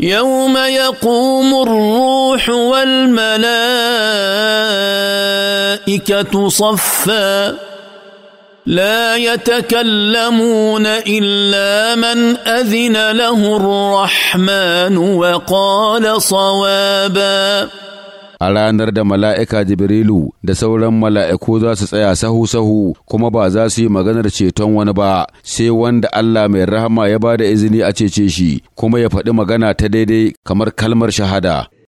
يوم يقوم الروح والملائكه صفا لا يتكلمون الا من اذن له الرحمن وقال صوابا a ranar da mala'ika Jibrilu da sauran mala'iku za su tsaya sahu-sahu kuma ba za su yi maganar ceton wani ba, sai wanda Allah mai rahama ya ba da izini a cece shi, kuma ya faɗi magana ta daidai kamar kalmar shahada.